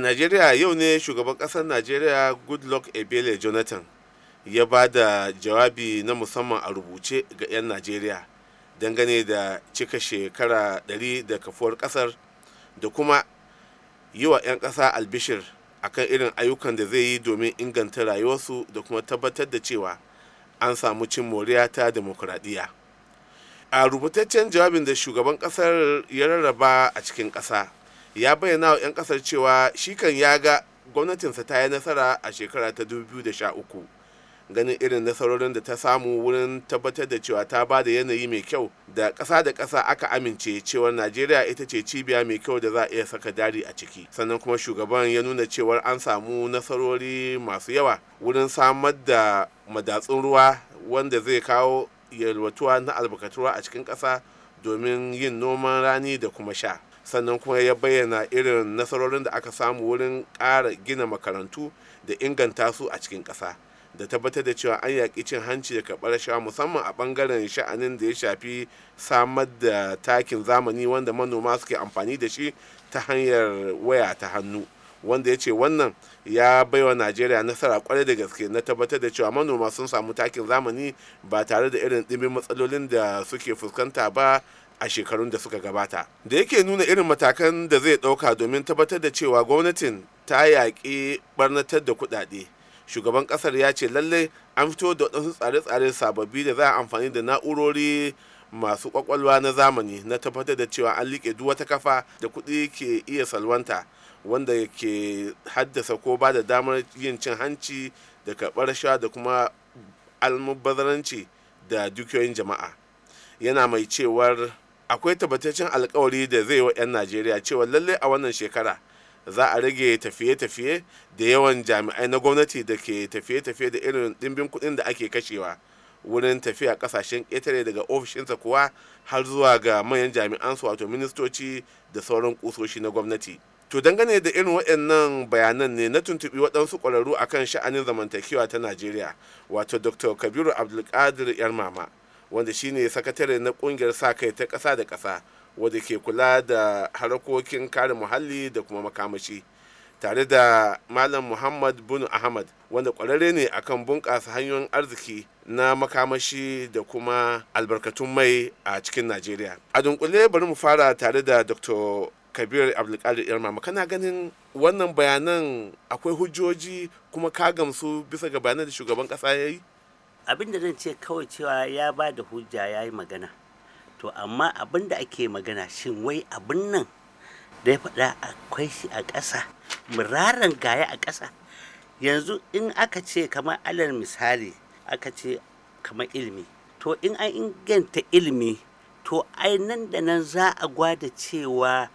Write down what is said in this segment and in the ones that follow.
a najeriya yau ne shugaban kasar najeriya goodluck ebele jonathan ya ba da jawabi na musamman a rubuce ga 'yan najeriya dangane da cika shekara 100 da kafuwar kasar da kuma yi wa 'yan kasa albishir akan irin ayyukan da zai yi domin inganta rayuwarsu da kuma tabbatar da cewa an samu cin moriya ta demokuraɗiyya a rubutaccen jawabin da shugaban kasar ya rarraba a cikin ƙasa ya bayyana wa 'yan kasar cewa shi kan ya ga gwamnatinsa ta yi nasara a shekara ta 2013 ganin irin nasarorin da ta samu wurin tabbatar da cewa ta ba da yanayi mai kyau da kasa da ƙasa aka amince cewa najeriya ita ce cibiya mai kyau da za a iya saka dari a ciki sannan kuma shugaban ya nuna cewar an samu nasarori masu yawa wurin samar da madatsun ruwa wanda zai kawo yalwatuwa na albarkatuwa a cikin ƙasa domin yin noman rani da kuma sha sannan kuma ya bayyana irin nasarorin da aka samu wurin ƙara gina makarantu da inganta su a cikin ƙasa da tabbatar da cewa an yaƙi cin hanci da karɓar shawa musamman a ɓangaren sha'anin da ya shafi samar da takin zamani wanda manoma suke amfani da shi ta hanyar waya ta hannu wanda ya ce wannan ya baiwa najeriya nasara kwarai da gaske na tabbatar da cewa manoma sun samu takin zamani ba tare da irin ɗimbin matsalolin da suke fuskanta ba a shekarun da suka gabata da yake nuna irin matakan da zai ɗauka domin tabbatar da cewa gwamnatin ta yaƙi barnatar da kuɗaɗe shugaban ƙasar ya ce lallai an fito da waɗansu tsare-tsare sababbi da za a amfani da na'urori masu ƙwaƙwalwa na zamani na tabbatar da cewa an liƙe duk wata kafa da kuɗi ke iya salwanta wanda ke haddasa ko ba da damar yin cin hanci da karɓar sha da kuma almubazzaranci da dukiyoyin jama'a yana mai cewar akwai tabbataccen alkawari da zai wa 'yan najeriya cewa lallai a wannan shekara za a rage tafiye-tafiye da yawan jami'ai na gwamnati da ke tafiye-tafiye da irin dimbin kuɗin da ake kashewa wurin tafiya kasashen ƙetare daga ofishinsa kuwa har zuwa ga manyan jami'ansu wato ministoci da sauran kusoshi na gwamnati to dangane da irin waɗannan bayanan ne na tuntuɓi waɗansu ƙwararru akan sha'anin zamantakewa ta najeriya wato dr kabiru abdulkadir yarmama wanda shine sakatare na kungiyar sa kai ta kasa da kasa wadda ke kula da harakokin kare muhalli da kuma makamashi tare da malam muhammad bin ahmad wanda kwararre ne akan bunƙasa hanyoyin arziki na makamashi da kuma albarkatun mai a cikin najeriya a dunkule bari mu fara tare da dr kabir abdulkadir irma makana ganin wannan bayanan akwai hujjoji kuma ka gamsu bisa ga bayanan da shugaban ƙasa ya yi abinda zan ce kawai cewa ya ba da hujja ya yi magana to amma abinda ake magana shin wai abin nan da ya faɗa akwai shi a ƙasa muraren gaya a ƙasa yanzu in aka ce kamar alal misali aka ce kamar ilimi to in an inganta ilimi to ai nan da nan za a gwada cewa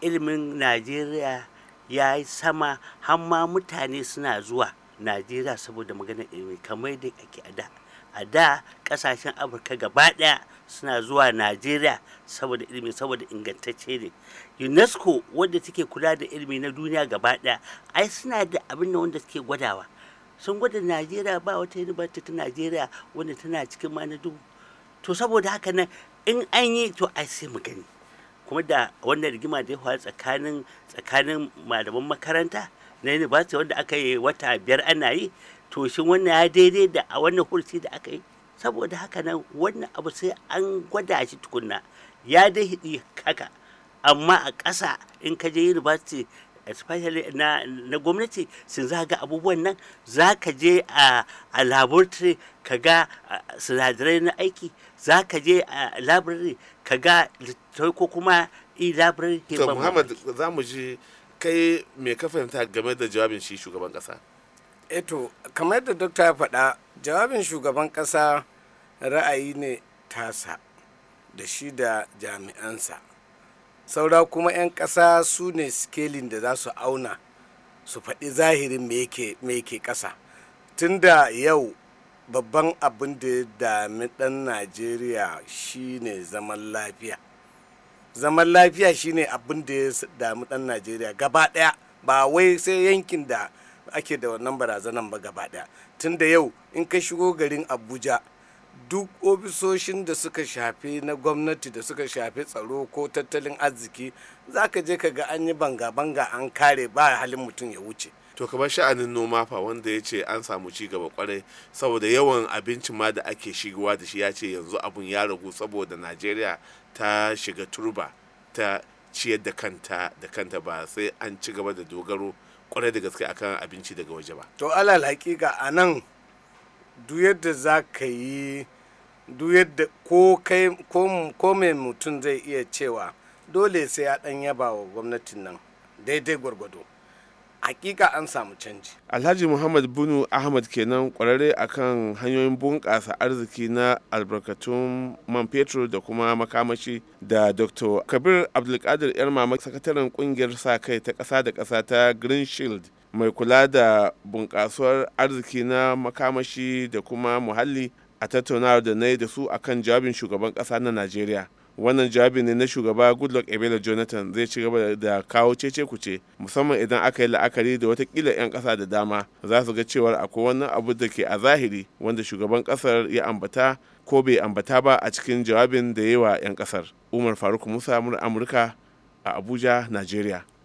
ilimin najeriya ya yi sama hamma mutane suna zuwa najeriya saboda magana ilimi kamar da ake a da a da kasashen afirka gaba daya suna zuwa najeriya saboda ilimi saboda ingantacce ne unesco wadda take kula da ilimi na duniya gaba daya ai suna da abin da wanda suke gwadawa sun gwada najeriya ba wata yi ta najeriya wanda tana cikin ma na dubu to saboda haka nan in an yi to ai sai mu gani kuma da wannan rigima da ya faru tsakanin malaman makaranta na university wanda aka yi wata biyar ana yi to shi wannan ya daidai da a wannan kursi da aka yi saboda haka nan wannan abu sai an gwada shi tukunna ya dai haka amma a ƙasa in ka je university especially na, na gwamnati sun za ga abubuwan nan za ka je a, a laboratory ka ga sinadarai na aiki za ka je a library ka ga ko kuma e-library ke mu ji kai me ka fahimta game da jawabin shi shugaban kasa eto eh kamar da dokta ya faɗa jawabin shugaban kasa ra'ayi ne tasa da shi da jami'ansa saura kuma 'yan kasa su ne skelin da za su auna su faɗi zahirin me yake ƙasa tun da yau babban abin da ya dami ɗan najeriya ne zaman lafiya zaman lafiya shine abin da ya damu dan najeriya gaba daya ba wai sai yankin da ake da wannan barazanan ba gaba daya tun da yau in ka shigo garin abuja duk ofisoshin da suka shafi na gwamnati da suka shafi tsaro ko tattalin arziki za ka je ka ga an yi banga-banga an kare ba halin mutum ya wuce to kamar sha'anin noma fa wanda ya ce an samu ci gaba kwarai saboda yawan abincin ma da ake shigowa da shi ya ce yanzu abun ya ragu saboda najeriya ta shiga turba ta ciyar da kanta da kanta ba sai an ci gaba da dogaro kwarai da gaske akan abinci daga waje ba to alal hakika a nan duk yadda za ka yi duk yadda ko mai mutum zai iya cewa dole sai ya ɗan yaba wa gwamnatin nan daidai gwargwado hakika an samu canji alhaji muhammad bunu ahmad kenan kwararre akan hanyoyin bunƙasa arziki na albarkatun man fetur da kuma makamashi da dr kabir abdulkadir yar mama sakataren kungiyar sa kai ta ƙasa da ƙasa ta green shield mai kula da bunƙasuwar arziki na makamashi da kuma muhalli a tattaunawar da na yi da su akan jawabin shugaban ƙasa na najeriya wannan jawabin ne na shugaba goodluck ebele jonathan zai ci gaba da kawo cece kuce musamman idan aka yi la'akari da watakila 'yan kasa da dama za su ga cewar akwai wani abu da ke a zahiri wanda shugaban kasar ya ambata ko bai ambata ba a cikin jawabin da yi wa 'yan kasar umar faruk musa amurka a abuja nigeria